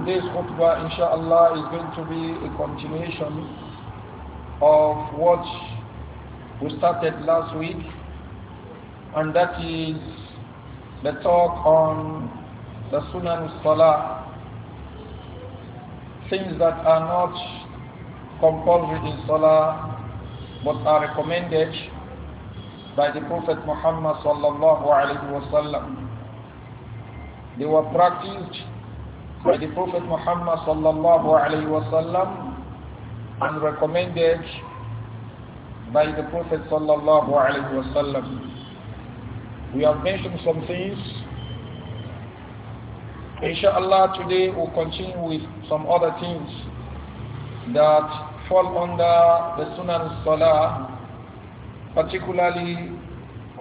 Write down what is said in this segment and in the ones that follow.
Today's khutbah, inshallah, is going to be a continuation of what we started last week, and that is the talk on the Sunan Salah, things that are not compulsory in Salah but are recommended by the Prophet Muhammad sallallahu alaihi wasallam. They were practiced by the Prophet Muhammad sallallahu alaihi wasallam and recommended by the Prophet sallallahu alaihi wasallam. We have mentioned some things. Inshallah, today we'll continue with some other things that fall under the Sunan Salah, particularly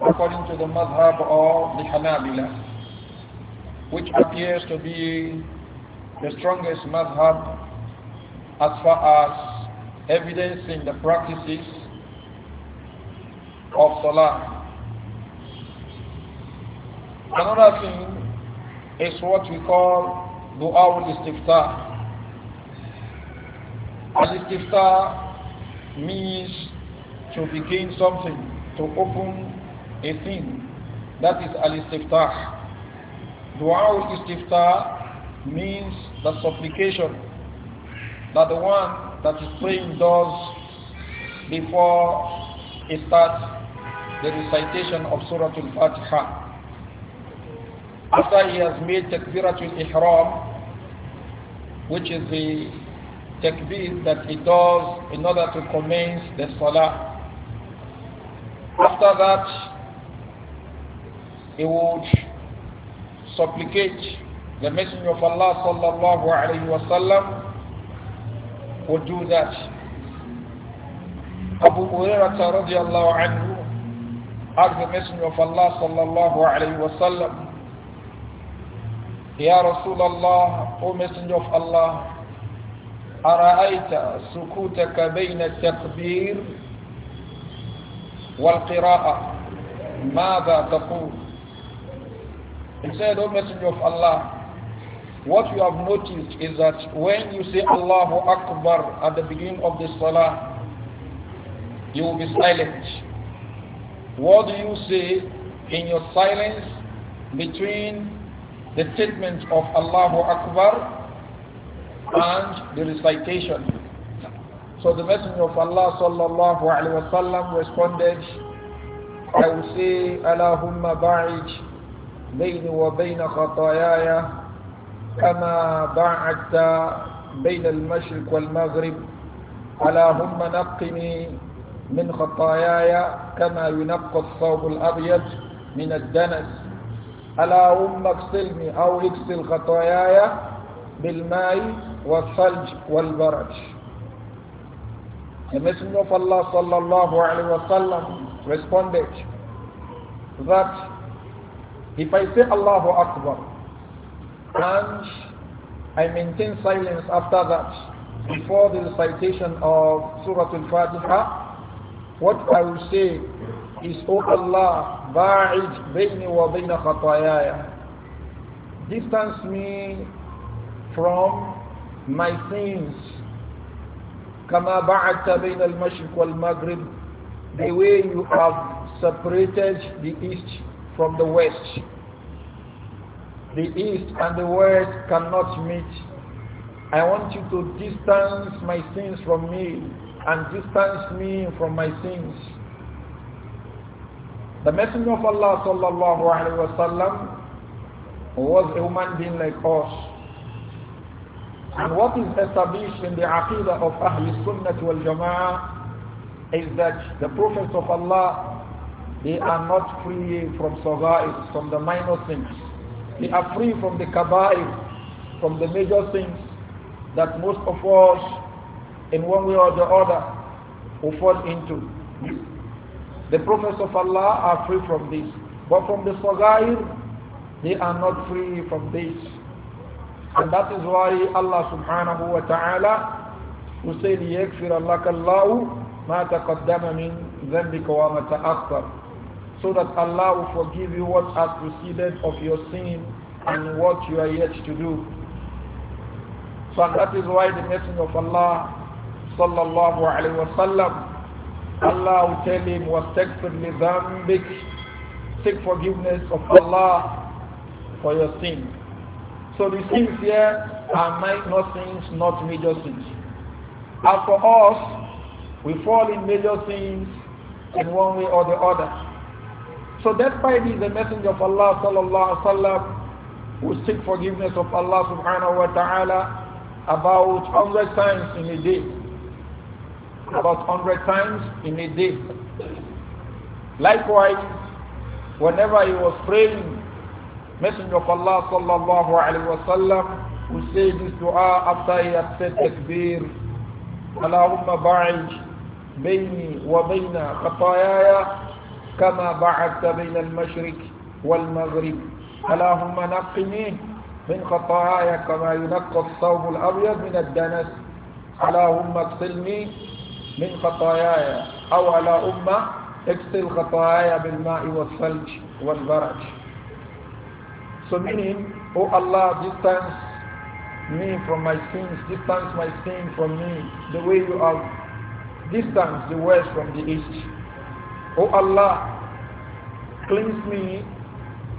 according to the madhab of the Hanabila, which appears to be the strongest madhab as far as evidence in the practices of Salah. Another thing is what we call dua al-istiftah. Al-istiftah means to begin something, to open a thing. That is al-istiftah. Dua al-istiftah means the supplication that the one that is praying does before he starts the recitation of Surah Al-Fatiha. After he has made Takbiratul Ihram, which is the takbir that he does in order to commence the Salah. After that, he would supplicate the Messenger of Allah sallallahu alayhi wasallam would do that. Abu Hurairah radiallahu anhu asked the Messenger of Allah sallallahu alayhi wasallam, Ya Rasulullah, O Messenger of Allah, أرأيت سكوتك بين التكبير والقراءة ماذا تقول He said, O Messenger of Allah, what you have noticed is that when you say Allahu Akbar at the beginning of the Salah, you will be silent. What do you say in your silence between the statement of Allahu Akbar and the recitation? So the Messenger of Allah sallallahu alaihi wasallam responded, I will say, Allahumma ba'ij bayni wa bayna khatayaya كما بعدت بين المشرق والمغرب اللهم نقني من خطاياي كما ينقى الثوب الأبيض من الدنس اللهم اغسلني أو اغسل خطاياي بالماء والثلج والبرد The Messenger of Allah sallallahu alayhi wa sallam responded that if I say Allahu Akbar and I maintain silence after that before the recitation of Surah Al-Fatiha what I will say is O oh Allah ba'id bayni wa bayna khatayaya distance me from my sins كما بعدت بين المشرق والمغرب the way you have separated the east from the west the east and the west cannot meet. I want you to distance my sins from me and distance me from my sins. The Messenger of Allah sallallahu alaihi wasallam was a human being like us. And what is established in the aqidah of Ahl Sunnah wal Jama'ah is that the prophets of Allah, they are not free from sagha'is, from the minor sins. They are free from the kaba'ir, from the major things that most of us, in one way or the other, will fall into. The prophets of Allah are free from this. But from the sagair, they are not free from this. And that is why Allah subhanahu wa ta'ala will say, لِيَكْفِرَ اللَّهُ مَا تَقَدَّمَ مِنْ ذَنْبِكَ وَمَا تَأَخَّرَ so that Allah will forgive you what has preceded of your sin and what you are yet to do. So that is why the Messenger of Allah sallallahu alaihi wasallam, Allah will tell him واستغفر لذنبك seek forgiveness of Allah for your sin. So the sins here are minor sins, not major sins. As for us, we fall in major sins in one way or the other. So despite this, the Messenger of Allah sallallahu alaihi wasallam who seek forgiveness of Allah subhanahu wa ta'ala about 100 times in a day. About 100 times in a day. Likewise, whenever he was praying, Messenger of Allah sallallahu alaihi wasallam would say this dua after he had said takbir. اللهم باعد بيني وبين خطاياي كما بعثت بين المشرق والمغرب اللهم نقني من خطاياي كما ينقى الثوب الأبيض من الدنس اللهم اغسلني من خطاياي أو على أمة اغسل خطاياي بالماء والثلج والبرد So meaning, O oh Allah, distance me from my sins, distance my sin from me, the way you are distance the west from the east. O oh Allah, cleanse me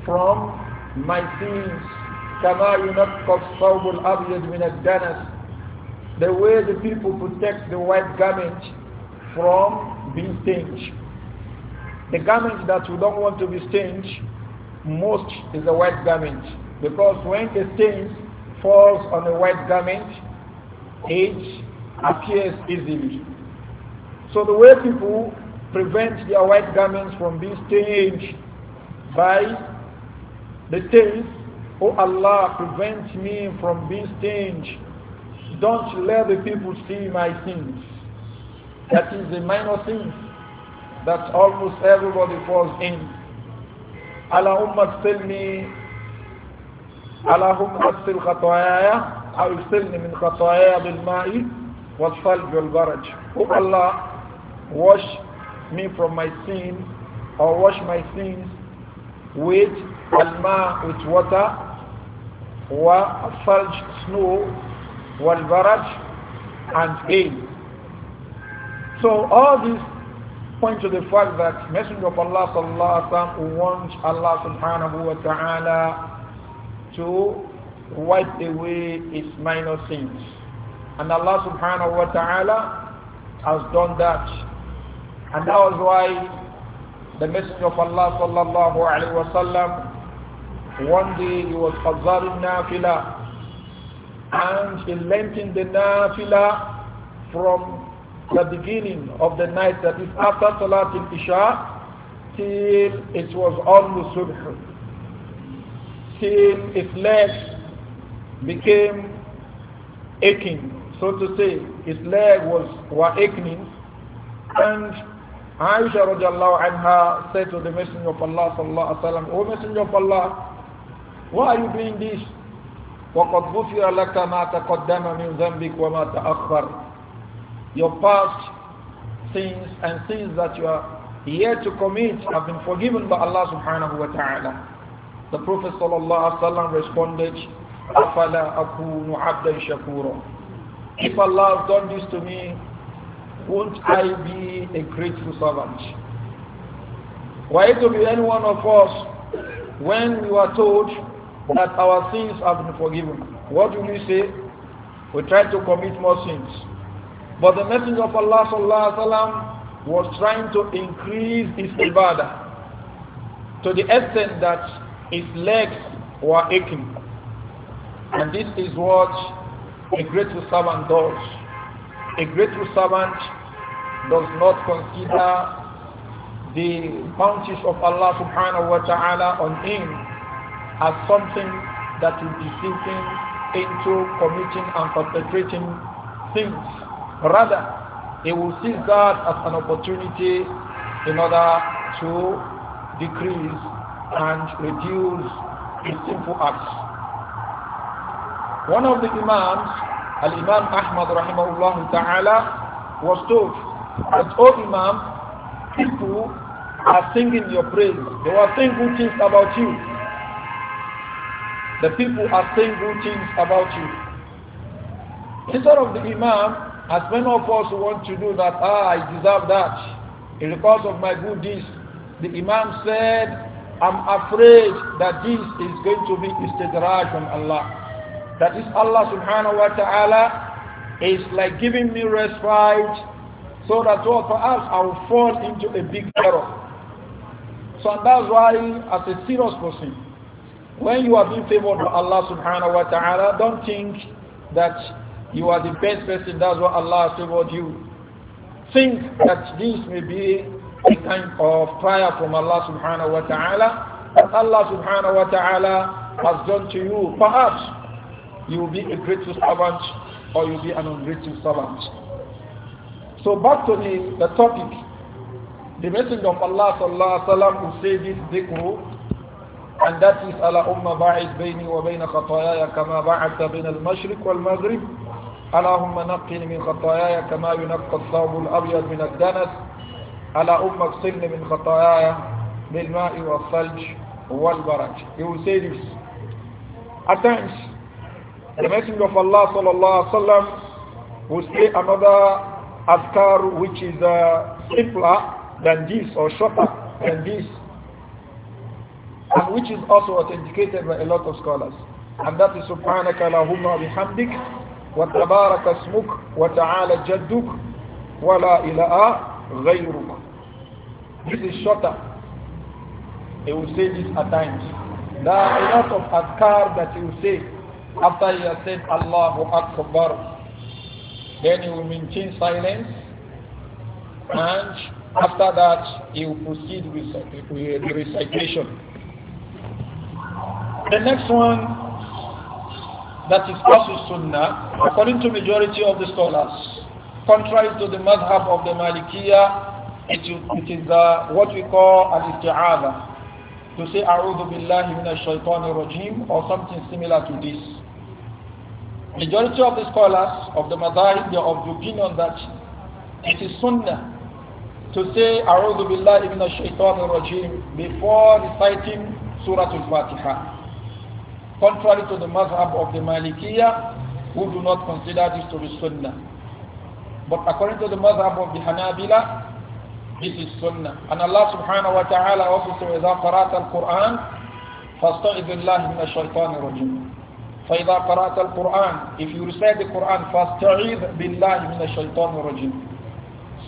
from my sins. كما ينقى الصوب الأبيض the way the people protect the white garment from being stained. The garment that we don't want to be stained most is the white garment because when a stain falls on a white garment, it appears easily. So the way people prevent their white garments from being stained by the things. Oh Allah, prevent me from being stained. Don't let the people see my sins. That is the minor sins that almost everybody falls in. Allahumma me. Allahumma stilni اللهم اغسل خطاياي او اغسلني من خطاياي بالماء والثلج والبرد Oh Allah wash me from my sins or wash my sins with alma with water wa falj snow wal baraj and hail so all these point to the fact that messenger of allah sallallahu alaihi wasallam wants allah subhanahu wa ta'ala to wipe away his minor sins and allah subhanahu wa ta'ala has done that and that was why the Messenger of Allah sallallahu alayhi wa sallam, one day he was observing nafila and he lengthened the nafila from the beginning of the night, that is after Salat al-Isha, till it was almost subh, till its legs became aching, so to say, his leg was were aching, and Aisha radiallahu anha said to the Messenger of Allah sallallahu alaihi wasallam, O Messenger of Allah, why are you doing this? وَقَدْ غُفِرَ لَكَ مَا تَقَدَّمَ مِنْ ذَنْبِكَ وَمَا تَأَخَّرَ Your past sins and sins that you are yet to commit have been forgiven by Allah subhanahu wa ta'ala. The Prophet sallallahu alaihi wasallam responded, أَفَلَا أَكُونُ عَبْدًا شَكُورًا If Allah has done this to me, won't I be a grateful servant? Why would be any one of us when we are told that our sins have been forgiven? What will we say? We try to commit more sins. But the message of Allah sallallahu was trying to increase his ibadah to the extent that his legs were aching. And this is what a grateful servant does a grateful servant does not consider the bounties of Allah subhanahu wa ta'ala on him as something that will be sinking into committing and perpetrating sins. Rather, he will see that as an opportunity in order to decrease and reduce his sinful acts. One of the Imams Al-Imam Ahmad الله تعالى was told that, all oh, Imam, people are singing your praise. They were saying good things about you. The people are saying good things about you. Instead of the Imam, as many of us want to do that, ah, I deserve that. In the course of my good deeds, the Imam said, I'm afraid that this is going to be istidraj from Allah. That is Allah subhanahu wa ta'ala is like giving me respite so that for perhaps I will fall into a big error. So that's why as a serious person, when you are being favored by Allah subhanahu wa ta'ala, don't think that you are the best person, that's what Allah has favored you. Think that this may be a kind of prayer from Allah subhanahu wa ta'ala, that Allah subhanahu wa ta'ala has done to you. Perhaps you will be a grateful servant or you'll be an ungrateful servant. So back to the, the topic. The Messenger of Allah sallallahu alaihi wasallam will say this dhikru and that is ala umma ba'id bayni wa bayna khatayaya kama ba'adta bayna al-mashriq wal-maghrib اللهم نقني من خطاياي كما ينقى الثوب الابيض من الدنس على أم اغسلني من خطاياي بالماء والثلج والبرد. He will say this. At times, the Messenger of Allah sallallahu alaihi wasallam will say another after which is uh, simpler than this or shorter than this and which is also authenticated by a lot of scholars and that is سبحانك اللهم وبحمدك وتبارك اسمك وتعالى wa la إله غيرك this is shorter he will say this at times there are a lot of adkar that he will say after you have said Allahu Akbar, then you will maintain silence and after that, he will proceed with, with the recitation. The next one, that is also Sunnah, according to majority of the scholars, contrary to the madhab of the Malikiya, it, it is uh, what we call al-isti'adha, to say, A'udhu Billahi Minash Rajim, or something similar to this. Majority of the scholars of the they are of the opinion that it is sunnah to say A'udhu Billah ibn Shaitan al-Rajim before reciting Surah Al-Fatiha. Contrary to the mazhab of the Malikiya, who do not consider this to be sunnah. But according to the mazhab of the Hanabila, this is sunnah. And Allah subhanahu wa ta'ala also says, إِذَا al الْقُرْآنِ فَاسْتَعِذْ بِاللَّهِ مِنَ الشَّيْطَانِ الرَّجِيمِ فإذا قرأت القرآن if you recite the Quran فاستعيذ بالله من الشيطان الرجيم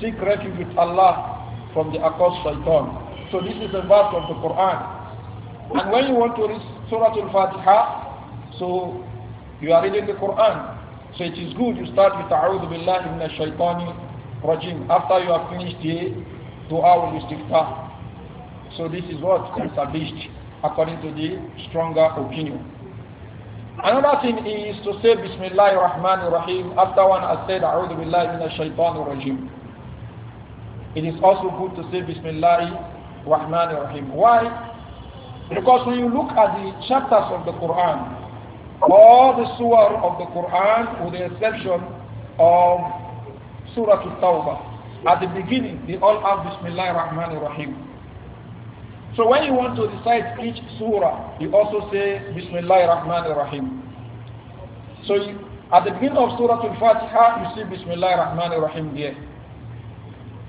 seek refuge with Allah from the accursed shaitan so this is a verse of the Quran and when you want to read Surah Al-Fatiha so you are reading the Quran so it is good you start with أعوذ بالله من الشيطان الرجيم after you have finished the dua will istiftah so this is what is established according to the stronger opinion Another thing is to say Bismillah ar-Rahman ar-Rahim after one has said A'udhu Billahi Minash Shaitan rajim It is also good to say Bismillah ar-Rahman ar-Rahim. Why? Because when you look at the chapters of the Quran, all the surah of the Quran with the exception of Surah Al-Tawbah. At the beginning, they all have Bismillah ar-Rahman ar-Rahim. So when you want to recite each surah, you also say Bismillah Rahman Rahim. So you, at the beginning of Surah Al-Fatiha, you see Bismillah Rahman Rahim there.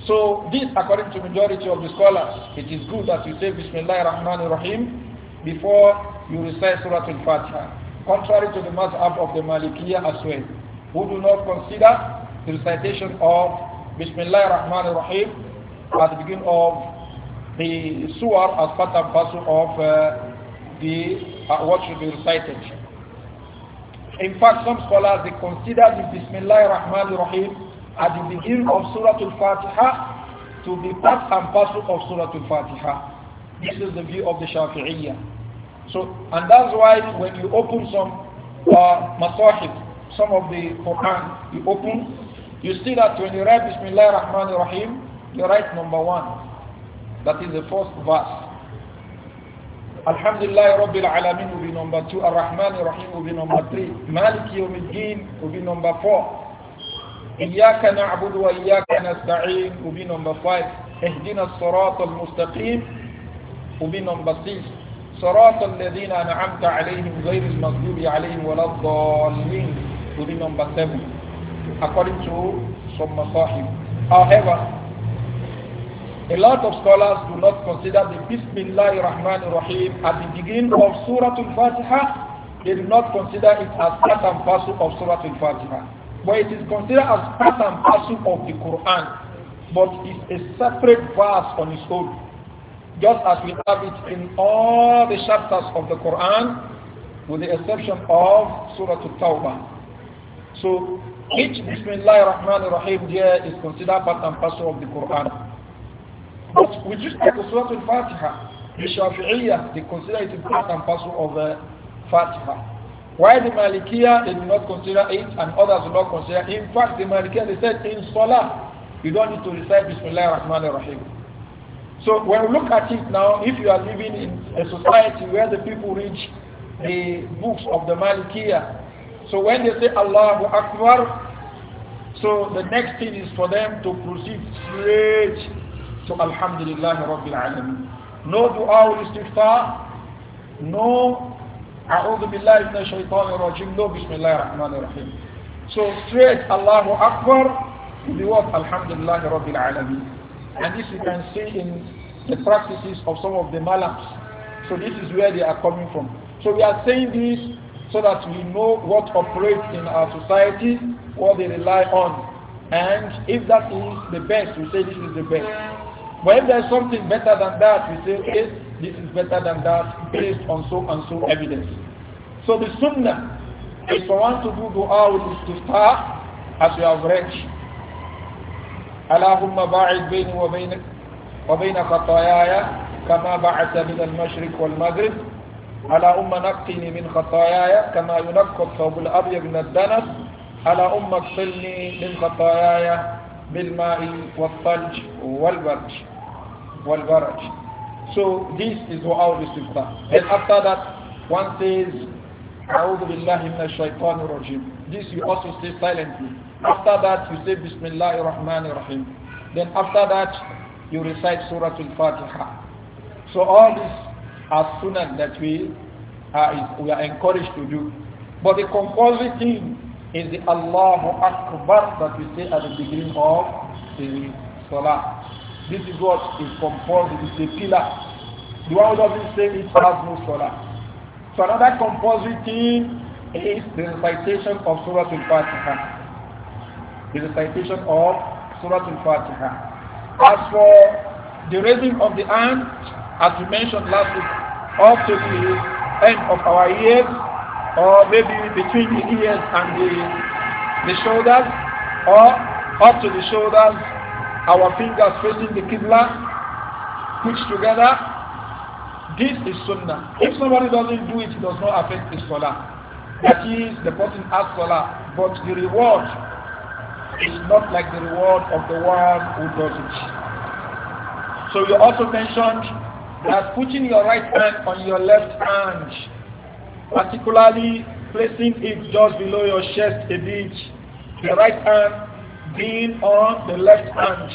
So this, according to majority of the scholars, it is good that you say Bismillah Rahman Rahim before you recite Surah Al-Fatiha, contrary to the mazhab of the Malikiya as well, who do not consider the recitation of Bismillah Rahman Rahim at the beginning of the surah as part and parcel of uh, the uh, what should be recited. In fact, some scholars they consider the Bismillah Rahman Rahim at the beginning of Surah Al-Fatiha to be part and parcel of Surah Al-Fatiha. This is the view of the Shafi'iyya. So, and that's why when you open some uh, masahib, some of the Quran, you open, you see that when you write Bismillah Rahman Rahim, you write number one. That is the first verse. Alhamdulillah Rabbil Alamin will be number two. Ar-Rahman Ar-Rahim will be number three. Maliki Yawmiddin will be number four. Iyaka na'budu wa iyaka nasta'in will be number five. Ihdina as-sirata al-mustaqim will be number six. صراط الذين أنعمت عليهم غير المغضوب عليهم ولا الضالين will be number seven according to some masahib. However, a lot of scholars do not consider the Bismillah Rahman Rahim at the beginning of Surah Al-Fatiha. They do not consider it as part and parcel of Surah Al-Fatiha. But it is considered as part and parcel of the Quran. But it's a separate verse on its own. Just as we have it in all the chapters of the Quran, with the exception of Surah Al-Tawbah. So each Bismillah Rahman Rahim there is considered part and parcel of the Quran. But with just the Surah Al-Fatiha, the Shafi'iyah, they consider it part and parcel of the uh, Fatiha. Why the Malikiya, they do not consider it and others do not consider it. In fact, the Malikiya, they said in Salah, you don't need to recite Bismillah ar-Rahman rahim So when we look at it now, if you are living in a society where the people read the books of the Malikiya, so when they say Allahu Akbar, so the next thing is for them to proceed straight to Alhamdulillah Rabbil Alameen. No dua ul istighfar, no A'udhu Billahi Ibn Shaitan Rajim, no Bismillah Rahman Rahim. So straight Allahu Akbar, the word Alhamdulillah Rabbil Alameen. And this you can see in the practices of some of the malams. So this is where they are coming from. So we are saying this so that we know what operates in our society, what they rely on. And if that is the best, we say this is the best. When there's something better than that, we say, okay, this is better than that based on so and so evidence. So the sunnah is for one to do dua with istiftah as we have read. اللهم باعد بيني وبينك وبين خطاياي كما بعث من المشرق والمغرب اللهم نقني من خطاياي كما ينقى الثوب الابيض من الدنس اللهم اغسلني من خطاياي بالماء والثلج والبرد والبرج. So this is Du'a al-Istighfar. And after that, one says, أعوذ بالله من الشيطان الرجيم. This you also say silently. After that, you say Bismillah ar-Rahman ar Then after that, you recite Surah Al-Fatiha. So all as are sunnah that we are, we are encouraged to do. But the compulsory thing is the Allahu Akbar that we say at the beginning of the Salah. This is what is composed. It's a pillar. The one who doesn't say it has no salah. So another compulsory thing is the recitation of Surah Al-Fatiha. The recitation of Surah Al-Fatiha. As for the raising of the hand, as we mentioned last week, up to the end of our ears, or maybe between the ears and the, the shoulders, or up to the shoulders, our fingers facing the Qibla, pushed together. This is Sunnah. If somebody doesn't do it, it does not affect his Salah. That is, the person has Salah, but the reward is not like the reward of the one who does it. So you also mentioned that putting your right hand on your left hand, particularly placing it just below your chest a bit, the right hand being on the left hand,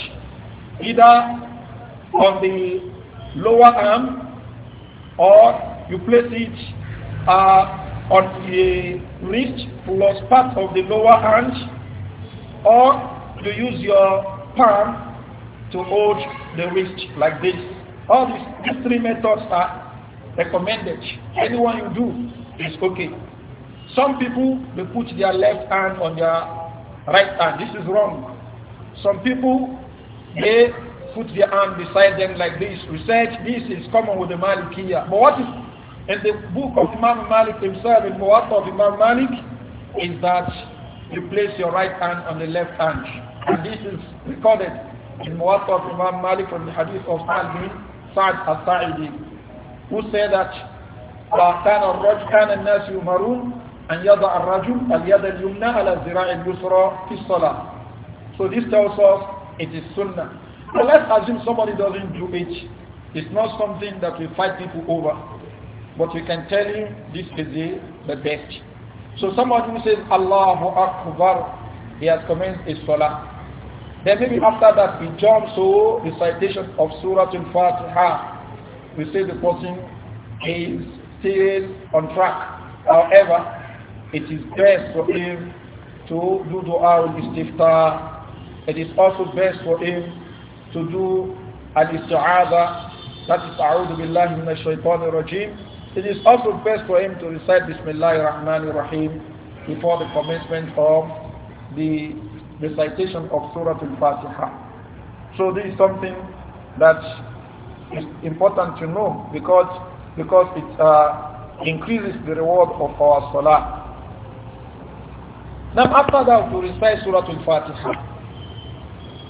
either on the lower arm or you place it uh, on the wrist plus part of the lower hand or you use your palm to hold the wrist like this. All these, these three methods are recommended. Anyone you do is okay. Some people, they put their left hand on their right hand. Ah, this is wrong. Some people, they put their hand beside them like this. Research, this is common with the Malikiya. But what is in the book of Imam Malik himself, in what of Imam Malik, is that you place your right hand on the left hand. And this is recorded in Muwatta of Imam Malik from the hadith of Sa'ad bin Sa'ad al-Sa'idi, who said that كان الرجل كان الناس يمرون so this tells us it is sunnah. But let's assume somebody doesn't do it. It's not something that we fight people over. But we can tell you this is the, the best. So somebody who says Allahu Akbar, he has commenced his salah. Then maybe after that he jumps to recitation of Surah Al-Fatiha. We say the person is still on track. However, it is best for him to do dua al-istiftar. It is also best for him to do al-isti'adha, that is a'udhu billahi minash shaitanir rajim. It is also best for him to recite Bismillahir Rahmanir Rahim before the commencement of the recitation of Surah Al-Fatiha. So this is something that is important to know because because it uh, increases the reward of our salah. Now after that we recite Surah Al-Fatiha.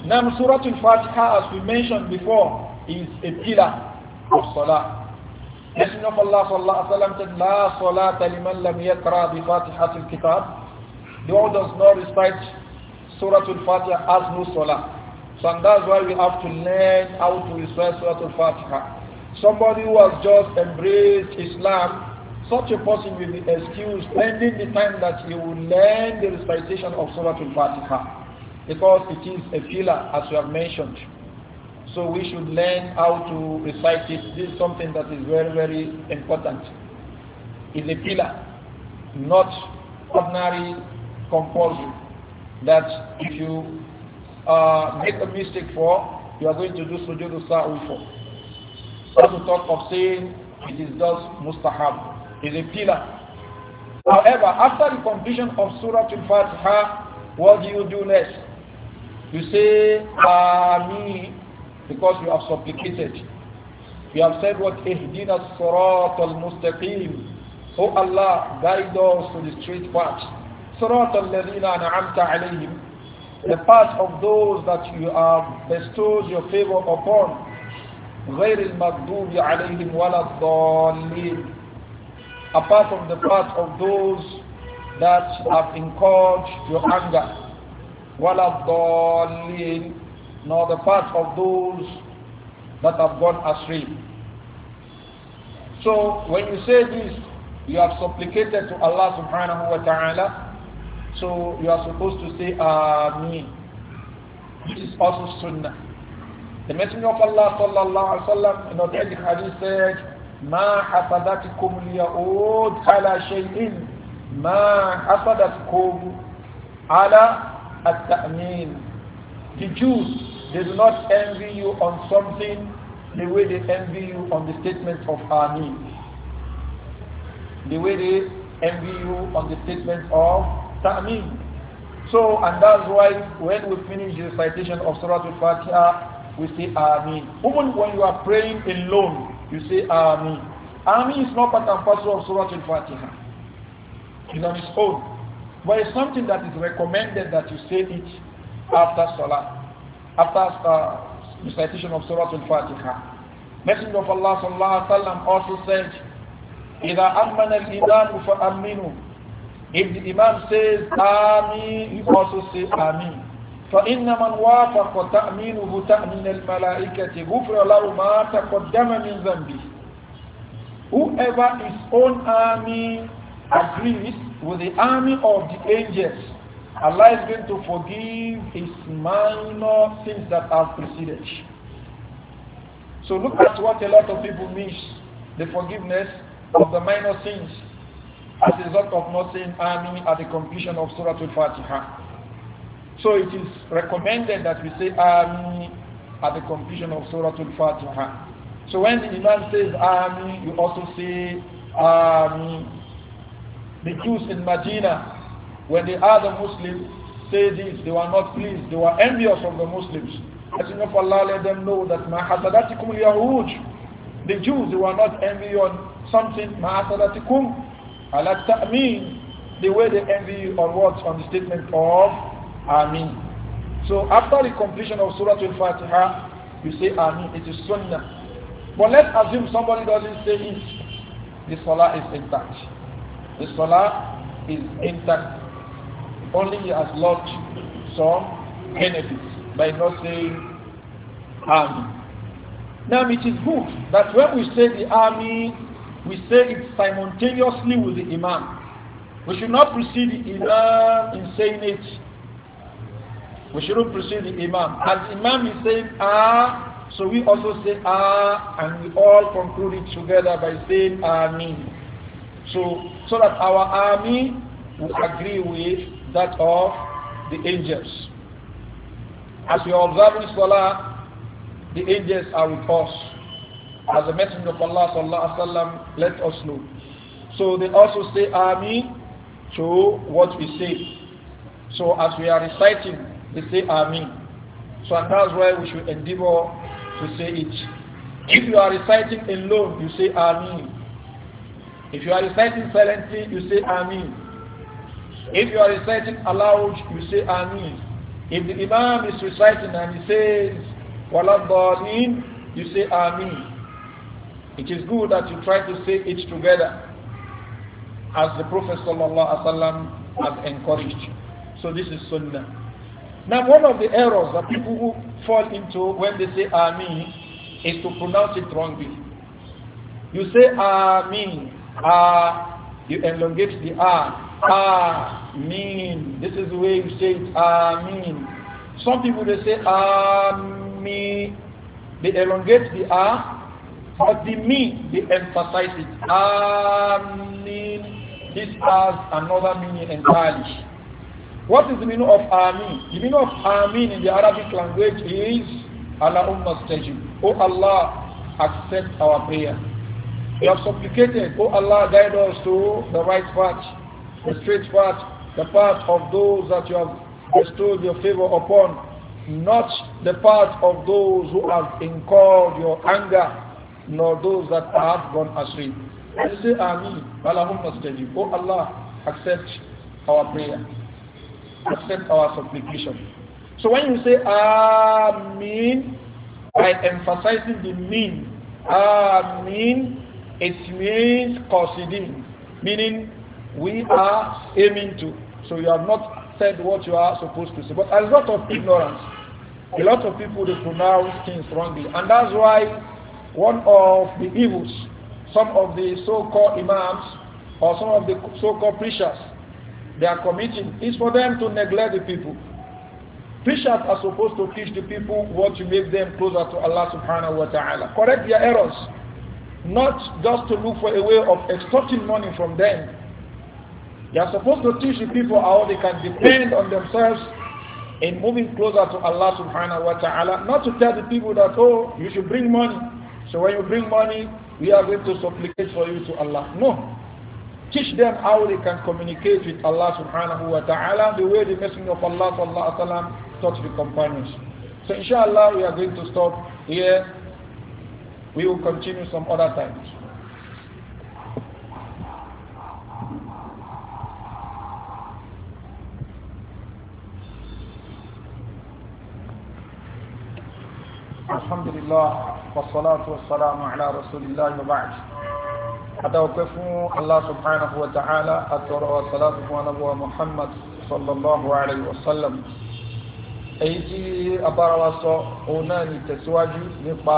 Now Surah Al-Fatiha as we mentioned before is a pillar of Salah. Messenger of Allah sallallahu alaihi wasallam said, "La salata liman lam yaqra bi Fatihatil Kitab." The one does not recite Surah Al-Fatiha as no Salah. So and that's why we have to learn how to recite Surah Al-Fatiha. Somebody who has just embraced Islam such a person will be excused pending the time that he will learn the recitation of Surah Al-Fatiha because it is a pillar as we have mentioned. So we should learn how to recite it. This is something that is very, very important. It's a pillar, not ordinary compulsion that if you uh, make a mistake for, you are going to do sujood al-sa'wi for. Not to talk of saying it is just mustahab is a pillar. However, after the completion of Surah Al-Fatiha, what do you do next? You say, Ameen, because you have supplicated. You have said what? Ihdina Surat al-Mustaqim. Oh Allah, guide us to the straight path. Surat al-Ladina an'amta alayhim. The path of those that you have bestowed your favor upon. غير المغضوب عليهم ولا الضالين apart from the part of those that have encouraged your anger. وَلَا الضَّالِّينَ nor the part of those that have gone astray. So when you say this, you have supplicated to Allah subhanahu wa ta'ala, so you are supposed to say Ameen. This is also Sunnah. The Messenger of Allah sallallahu alaihi wasallam in authentic hadith said, ما حصدتكم اليهود على شيء ما حصدتكم على التأمين The Jews they do not envy you on something the way they envy you on the statement of Amin. The way they envy you on the statement of Ta'min. So, and that's why when we finish the recitation of Surah Al-Fatiha, we say Amin. Even when you are praying alone, you say Ameen. Ameen is not part and parcel of Surah Al-Fatiha. It's on its own. But it's something that is recommended that you say it after Salah, after uh, recitation of Surah Al-Fatiha. Messenger of Allah sallallahu alaihi wasallam also said, "Ida amman al iman If the imam says Ameen, you also say Ameen. فإن من وافق تأمينه تأمين غفر له ما تقدم من ذنبه Whoever his own army agrees with the army of the angels, Allah is going to forgive his minor sins that have preceded. So look at what a lot of people miss, the forgiveness of the minor sins as a result of not saying Amin at the completion of Surah Al-Fatiha. So it is recommended that we say Amin at the completion of Surah Al-Fatiha. So when the Imam says Amin, you also say Amin. The Jews in Medina, when they other the Muslims say this, they were not pleased. They were envious of the Muslims. As you know, Allah let them know that Mahasadatikum Yahud. The Jews, they were not envious on something. Mahasadatikum ala ta'min. The way they envy on what? On the statement of Ameen. So after the completion of Surah Al-Fatiha, you say Ameen. It is Sunnah. But let's assume somebody doesn't say it. The Salah is intact. The Salah is intact. Only he has lost some benefits by not saying Ameen. Now it is good that when we say the Ameen, we say it simultaneously with the imam. We should not precede the imam in saying it we shouldn't precede the Imam. As Imam is saying ah, so we also say ah, and we all conclude it together by saying Ameen. So, so that our army will agree with that of the angels. As we observe this Salah, the angels are with us. As the Messenger of Allah sallallahu alaihi wasallam let us know. So they also say Ameen to what we say. So as we are reciting they say Amin. So and that's why we should endeavor to say it. If you are reciting alone, you say Amin. If you are reciting silently, you say Amin. If you are reciting aloud, you say Amin. If the Imam is reciting and he says Walabdalin, you say Amin. It is good that you try to say it together as the Prophet wasallam has encouraged. So this is Sunnah. Now, one of the errors that people who fall into when they say Amin is to pronounce it wrongly. You say Amin, Ah, you elongate the Ah, Amin. This is the way you say it, Amin. Some people they say Amin, they elongate the Ah, but the me, they emphasize it. Amin. This has another meaning entirely. What is the meaning of Amin? The meaning of Amin in the Arabic language is Allahumma stajib. Oh Allah, accept our prayer. We have supplicated, Oh Allah, guide us to the right path, the straight path, the path of those that you have bestowed your favor upon, not the path of those who have incurred your anger, nor those that have gone astray. I say Amin, Allahumma stajib. Oh Allah, accept our prayer accept our supplication. So when you say "Amen," by emphasizing the mean, "Amen" it means qasidin, meaning we are aiming to. So you have not said what you are supposed to say. But a lot of ignorance. A lot of people they pronounce things wrongly. And that's why one of the evils, some of the so-called imams or some of the so-called preachers, they are committing is for them to neglect the people. Preachers are supposed to teach the people what to make them closer to Allah subhanahu wa ta'ala. Correct their errors. Not just to look for a way of extorting money from them. They are supposed to teach the people how they can depend on themselves in moving closer to Allah subhanahu wa ta'ala. Not to tell the people that, oh, you should bring money. So when you bring money, we are going to supplicate for you to Allah. No teach them how they can communicate with Allah subhanahu wa ta'ala the way the Messenger of Allah sallallahu alaihi wasallam taught the companions. So inshallah we are going to stop here. We will continue some other times. الحمد لله والصلاة والسلام على رسول الله وبعد أدعوك فون الله سبحانه وتعالى أترى وصلاة ونبوة محمد صلى الله عليه وسلم èyí tí abára wa sọ òun náà ní tẹ̀síwájú nípa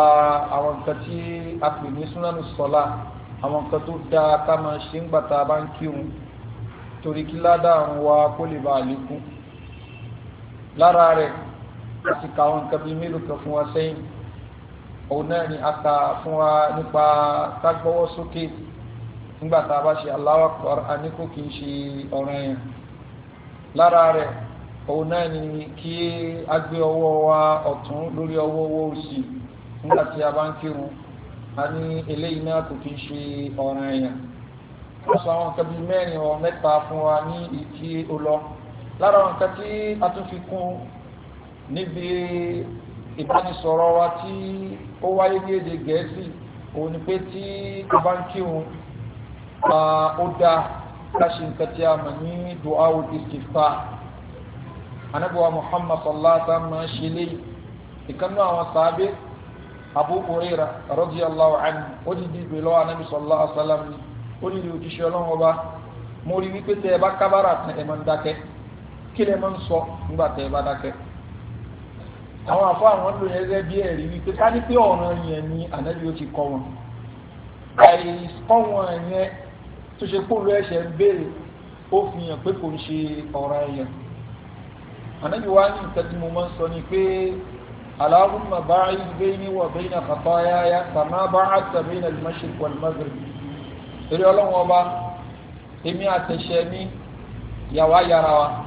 àwọn nǹkan tí tó dáa ká máa ṣe ń gbàtà bá ń kírun torí kí ládà wa kó lè bá àlékún lára rẹ̀ a sì nǹkan bíi mélòó kan fún wa sẹ́yìn òun náà ni a ta fún wa nípa tágbọ́wọ́ sókè nígbà bá ṣe Allahu àníkò kì í ṣe ọ̀ràn yẹn lára rẹ̀ òun ni kí a gbé ọwọ́ wa ọ̀tún lórí ọwọ́ ọwọ́ òsì nígbà tí a bá ń kírun a ní eléyìí náà kò kì í ṣe ọ̀ràn yẹn wọ́n sọ àwọn nǹkan bíi mẹ́rin ọ̀ mẹ́ta fún wa ní ìdí olọ lára àwọn nǹkan tí a tún fi kún níbi ìbánisọ̀rọ̀ wa tí ó wáyé ní èdè gẹ̀ẹ́sì òun ni pé tí a bá ń kírun ó dá láṣì nǹkan tí a mọ̀ ní duawu istifa anábíwá muhammad sallata máa ń ṣe léyìí ìkànnú àwọn sàábé abu huraira radiyallahu anhu ó ti di ìgbèlọ́ anábí sallallahu alaihi wasallam ni ó nílò òjíṣẹ́ ọlọ́run ọba mo rí wípé tẹ́ ẹ bá kábàrà tẹ ẹ máa ń dákẹ́ kí lẹ máa ń sọ nígbà tẹ́ ẹ bá dákẹ́ àwọn àfọ àwọn lò yẹn gẹ́gẹ́ bí ẹ̀rí wípé ká ní pé ọ̀ràn yẹn ni ànábì ó ti kọ́ wọn àìkọ́ wọn yẹn tó ṣe kóòlù ẹ̀ṣẹ̀ béèrè ó fi hàn pé kò ń ṣe ọ̀ràn yẹn ànábì wá ní nǹkan tí mo máa ń sọ ni pé aláhùnmá bá bayni wa bayna khatayaya kàmá bá àtà bayna al-mashriq wal-maghrib eré ọlọ́wọ́n ọba èmi àtẹ̀ṣẹ́ mi yàwá yàrá wa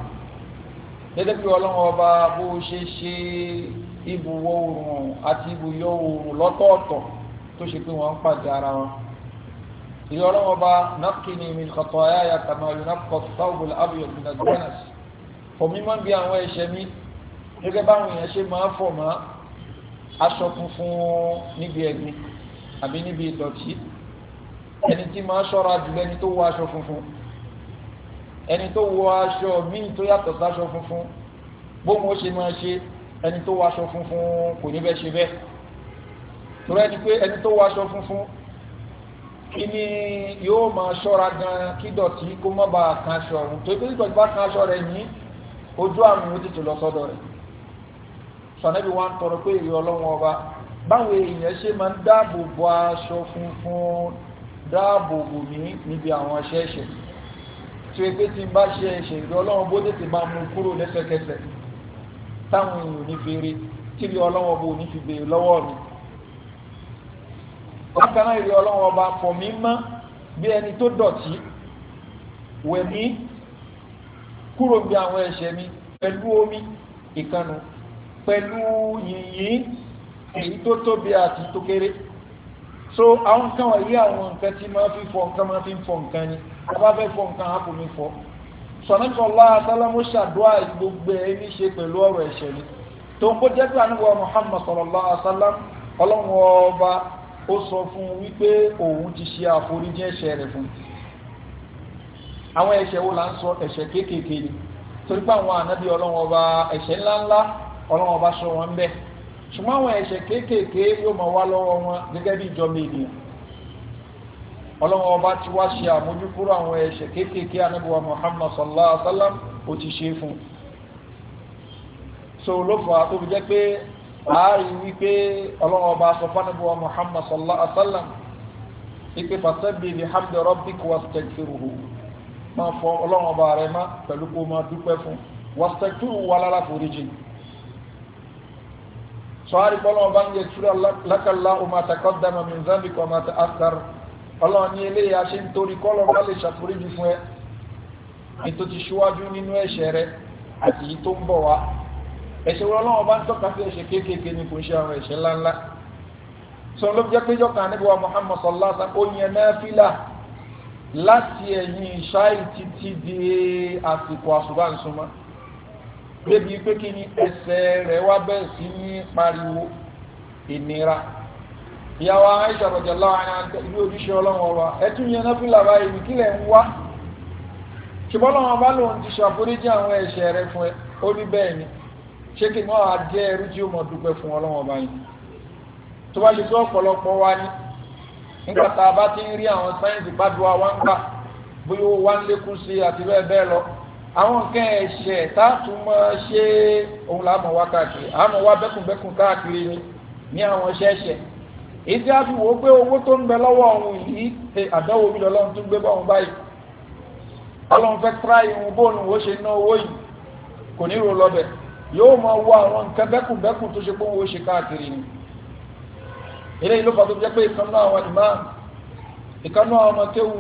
gẹ́gẹ́ bí ọlọ́run ọba bó ṣe ṣe ibùwọ̀ oòrùn àti ibùyọ oòrùn lọ́tọ̀ọ̀tọ̀ tó ṣe pé wọ́n ń pàdé ara wọn ìyá ọlọ́run ọba nàkìní min khatayaya kama yunaqqa ath-thawbu al-abyad min ad-danas fọ̀mí máa bí àwọn ẹ̀ṣẹ̀ mi gẹ́gẹ́ báwọn èèyàn ṣe máa fọ̀ mọ́ aṣọ funfun níbi ẹ̀gbin àbí níbi ìdọ̀tí ẹni tí máa ṣọ́ra jùlọ ẹni tó wọ aṣọ funfun ẹni tó wọ aṣọ míì tó yàtọ̀ sáṣọ funfun bóun ó ṣe máa ṣe ẹni tó wọ aṣọ funfun kò ní bẹ́ẹ̀ ṣe bẹ́ẹ̀ torí ẹni pé ẹni tó wọ aṣọ funfun kí ni yóò máa ṣọ́ra gan kí dọ̀tí kó má bàa kan aṣọ ọ̀hún tó ibi dọ̀tí bá kan aṣọ rẹ̀ ní ojú àrùn ó tètè lọ sọ́dọ̀ rẹ̀ sọ̀nẹ́bí wa ń tọrọ pé èrè ọlọ́run ọba báwo èèyàn ṣe máa ń dáàbò bo aṣọ funfun dáàbò bò mí níbi àwọn ṣẹ́ṣẹ́ tó yẹ pé tí n bá ṣe ẹ̀ṣẹ̀ ìlú ọlọ́run bó tètè máa mú kúrò lẹ́sẹ̀kẹsẹ̀ táwọn èèyàn ò ní fi rí tíbi ọlọ́run ọba ò ní fi béèrè lọ́wọ́ mi. bákan náà ìrì ọlọ́run ọba fọ̀ mí mọ́ bí ẹni tó dọ̀tí wẹ̀ mí kúrò bí àwọn ẹ̀ṣẹ̀ mi pẹ̀lú omi ìkànnù pẹ̀lú yìnyín èyí tó tóbi àti tó kéré so àwọn nǹkan wọ̀nyí àwọn nǹkan tí máa fi fọ nǹkan máa fi fọ nǹkan ni a bá fẹ́ fọ nǹkan àpò mi fọ sọ̀nàkọ̀lá sálámù ṣàdúrà gbogbo ẹni ṣe pẹ̀lú ọ̀rọ̀ ẹ̀ṣẹ̀ ni tó ń kó jẹ́ pé àníwọ̀ Muhammad sallallahu alaihi wasallam ọlọ́run ọba ó sọ fún wípé òun ti ṣe àforíjì ẹ̀ṣẹ̀ rẹ̀ fún àwọn ẹ̀ṣẹ̀ wo là ń sọ ẹ̀ṣẹ̀ kéékèèké ni torí pé àwọn ànábì ọlọ́run ọba ẹ̀ṣẹ̀ ńláńlá ọlọ́run ọba sọ ṣùgbọ́n àwọn ẹ̀ṣẹ̀ kéékèèké yóò máa wá lọ́wọ́ wọn gẹ́gẹ́ bí ìjọba ènìyàn ọlọ́wọ́ ọba ti wá ṣe àmójúkúrò àwọn ẹ̀ṣẹ̀ kéékèèké anábíwá Muhammad sallallahu alaihi wa sallam ó ti ṣe fún so ló fà á tó fi jẹ́ pé ààrin wípé ọlọ́wọ́ ọba sọ fánábíwá Muhammad sallallahu sọ́wárí bọ́lá ọba ń yẹ túrẹ́ lákàlá ọmọ àtàkọ́dàmà min zambik ọmọ àtàkọ́dàr ọlọ́run ní eléyìí aṣe ń torí kọ́lọ̀ bá lè ṣàforíjì fún ẹ ní tó ti ṣíwájú nínú ẹ̀ṣẹ̀ rẹ àti yìí tó ń bọ̀ wá ẹ̀ṣẹ̀ wọn ọlọ́run ọba ń tọ́ka sí ẹ̀ṣẹ̀ kéékèèké ni kò ń ṣe àwọn ẹ̀ṣẹ̀ ńláńlá sọ̀rọ̀ ló jẹ́ péjọ kan níbi wa Muhammad sallallahu ó yẹn náfìlà láti ẹ̀yìn ṣáì títí di àsìkò àṣùbà débi pé kí ni ẹsẹ̀ rẹ̀ wá bẹ́ẹ̀ sí ní pariwo ìnira ìyàwó Aisha radiyallahu anha ilé oríṣẹ́ ọlọ́run ọba ẹtún yẹn náà fúnlà báyìí kílẹ̀ ń wá ṣùgbọ́n ọlọ́run bá lòun ti ṣàforíjì àwọn ẹ̀ṣẹ̀ rẹ̀ fún ẹ ó rí bẹ́ẹ̀ ni ṣé kí ni wàá jẹ́ ẹrú tí ó mọ̀ dúpẹ́ fún ọlọ́run ọba yìí tó bá ṣe pé ọ̀pọ̀lọpọ̀ wa ni nígbà tá a bá ti ń rí àwọn sáyẹ́ǹsì gbádùn wa ń gbà bóyá ó wá ń lékún sí àti bẹ́ẹ̀ bẹ́ẹ̀ lọ àwọn nǹkan ẹ̀ṣẹ̀ táàtù máa ṣe òun láàmọ̀ wá káàkiri àmọ̀ wá bẹ́kùnbẹ́kùn káàkiri ni ní àwọn ṣẹ́ṣẹ̀ èyí tí a fi wò ó pé owó tó ń bẹ lọ́wọ́ òun yìí ṣe àdánwò mi lọ́lọ́run tún gbé bá òun báyìí ọlọ́run fẹ́ tíráyì òun bóònù ó ṣe ná owó yìí kò ní ro lọ́bẹ̀ yóò máa wá àwọn nǹkan bẹ́kùnbẹ́kùn tó ṣe pé òun ṣe káàkiri ni eléyìí ló fà tó jẹ́ pé ìkànnú àwọn ìmáà ìkànnú àwọn ọmọ kéwù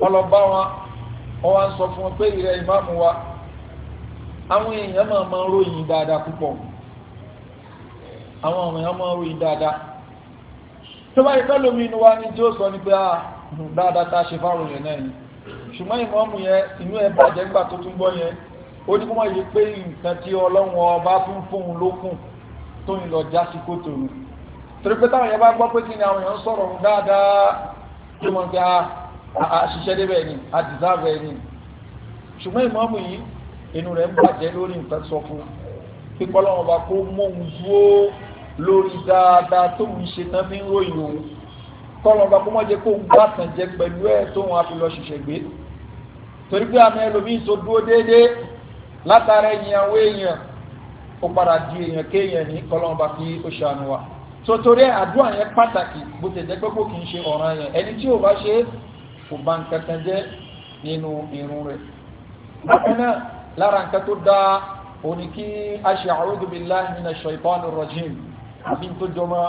wọn wọn ọwọ́ ń sọ fún wọn pé ìrẹ ìmáàmù wa àwọn èèyàn máa máa ròyìn dáadáa púpọ̀ àwọn èèyàn máa ròyìn dáadáa tó bá yẹ lómi inú wa ní tí ó sọ ní pé ah, dáadáa tá a ṣe fáwọn èèyàn náà ni ṣùgbọ́n ìmáàmù yẹn inú ẹ bàjẹ́ nígbà tó tún gbọ́ yẹn ó ní kó má yẹ pé nǹkan tí ọlọ́run ọba fún fóun lókun tó ń lọ já sí kòtò rẹ̀ torí pé táwọn yẹn bá gbọ́ pé kí ni àwọn èèyàn sọ̀rọ̀ dáadáa tó mọ̀ pé a àṣìṣẹ́ débẹ̀ ni a deserve ẹ ni ṣùgbọ́n ìmọ̀ọ́mù yìí inú rẹ̀ ń bàjẹ́ lórí nǹkan sọ fún pípọ́ lọ́wọ́ bá kó mọ́hun dúró lórí dáadáa tóun ṣe tán fi ń ròyìn òun kọ́lọ́ba kó mọ́ jẹ́ kó ń bá tàn jẹ pẹ̀lú ẹ̀ tóun á fi lọ ṣiṣẹ́ gbé torí pé àmì ẹlòmíín tó dúró déédéé látara ẹ̀yìn àwọn èèyàn ó padà di èèyàn kéèyàn ní kọ́lọ́ba kí ó ṣàánú wa tó torí àdúrà yẹn pàtàkì bó ti jẹ́ pé kò kì í ṣe ọ̀ràn yẹn ẹni tí ò bá ṣe kò bá nǹkan kan jẹ́ nínú irun rẹ̀ bákan náà lára nǹkan tó dáa ó ní kí a ṣe a'udhu billahi minash shaytanir rajim àbí tó jọmọ́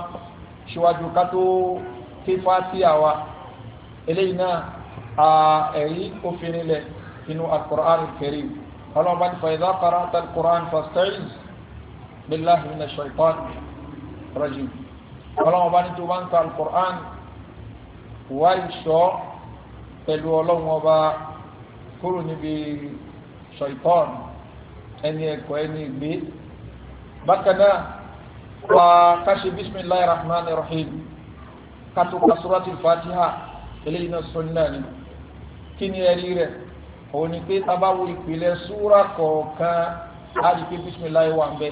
ṣíwájú ká tó ké fátíà wa eléyìí náà ẹ̀rí òfin ilẹ̀ inú al-Qur'an al-Karim ní fa idha qara'ta al-Qur'an fasta'iz billahi minash shaytanir rajim ní tó bá ń ta al wáyé ṣọ́ọ́ pẹ̀lú ọlọ́run ọba kúrò níbi ṣọ̀ìtọ́n ẹni ẹ̀kọ́ ẹni ìgbé bákanáà wà káṣe bismillahir rahmanir rahim kátùkà suratul fatiha eléyìí náà sunnah ni kí ni ẹ̀rí rẹ̀ òun ni pé tabawo ìpìlẹ̀ súra kọ̀ọ̀kan á di pé bismillah wà ń bẹ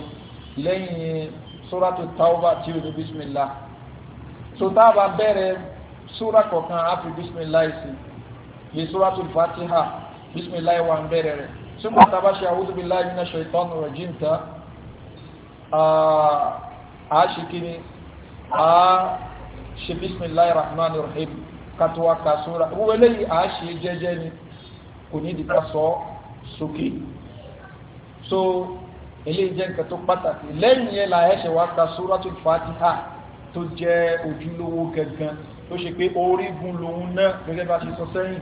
lẹ́yìn suratul tawba tí o ní bismillah so tá a bá bẹ̀rẹ̀ súra kọ̀ọ̀kan á fi bismillah sí bí suratul fatiha bisimilayi wa ń bẹ̀rẹ̀ rẹ̀ súnmọ́ tàbá ṣe a'udhu billahi minash shaitani rajim ta a ṣe kíni a ṣe bisimilayi rahman rahim katuwa ka sura wọ́n eléyìí a ṣe jẹ́jẹ́ ni kò ní ìdíkà sọ sókè so eléyìí jẹ́ nǹkan tó pàtàkì lẹ́yìn yẹn la ẹ̀ṣẹ̀ wa ka suratul fatiha tó jẹ́ ojúlówó gangan tó ṣe pé orígun lòun náà gẹ́gẹ́ bá ṣe sọ sẹ́yìn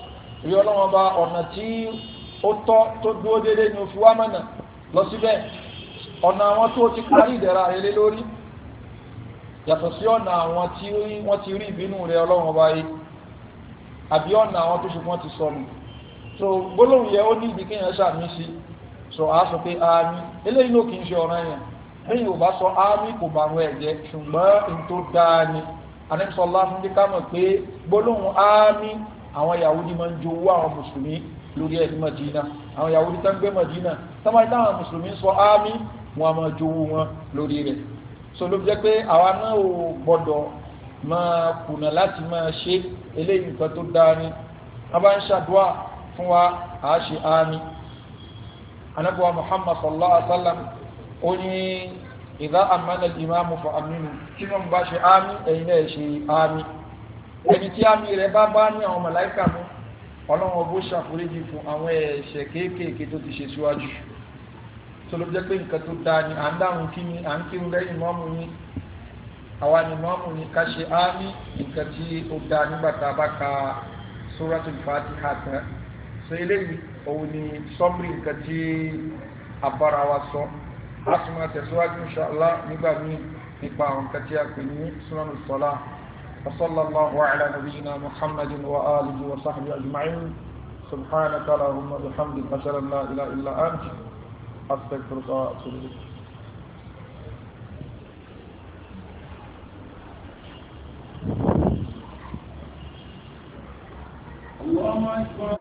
rí ọlọ́wọ́n bá ọ̀nà tí ó tọ́ tó dúró déédéé ni ó fi wá mọ̀nà lọ síbẹ̀ ọ̀nà àwọn tó ti parí ìdẹ̀ra rẹ lé lórí yàtọ̀ sí ọ̀nà àwọn tí wọ́n ti rí ìbínú rẹ ọlọ́wọ́n bá yìí àbí ọ̀nà àwọn tó ṣe fún ti sọnù so gbólóhùn yẹ ó ní ìdí kéèyàn ṣàmì sí so a sọ pé àmì eléyìí ló kì í ṣe ọ̀ràn yẹn lẹ́yìn ò bá sọ àmì kò bá àwọn ẹ̀jẹ̀ ṣùgbọ́n n dáa ni anẹ́sọ̀lá fún díkà mọ̀ pé gbólóhùn àmì àwọn yahudi máa ń jowó àwọn mùsùlùmí lórí ẹ̀ ní madina àwọn yahudi tán gbé madina tán máa dáhùn mùsùlùmí sọ ámì wọn a máa jowó wọn lórí rẹ̀ so ló jẹ́ pé àwa náà ò gbọ́dọ̀ máa kùnà láti máa ṣe eléyìí nǹkan tó dáa ni ń ṣàdúrà fún wa àá ṣe ámì anabuwa muhammad sallallahu alaihi wa sallam ó ní ìdá àmàlẹ̀ ìmáàmù fún àmínú kí wọ́n bá ṣe ámì ẹ̀yin náà ṣe ámì ẹni tí àmì rẹ̀ bá bá ní àwọn màláìkà mú ọlọ́wọ́n bó ṣàforíjì fún àwọn ẹ̀ṣẹ̀ kéékèèké tó ti ṣe síwájú tó ló jẹ́ pé nǹkan tó dáa ni à ń dáhùn kí ni à ń kírun lẹ́yìn mọ́mù ni àwa ni mọ́mù ni ká ṣe àmì nǹkan tí ó dáa nígbà tá a bá ka suratul fatiha tán so eléyìí òun ni sọ́mùrì nǹkan tí abara wa sọ a sì máa tẹ̀síwájú insha nígbà míì nípa àwọn nǹkan tí a pè ní sunanu sọlá وصلى الله على نبينا محمد وآله وصحبه أجمعين سبحانك اللهم وبحمدك أشهد أن لا إله إلا أنت أستغفرك وأتوب إليك اللهم أكبر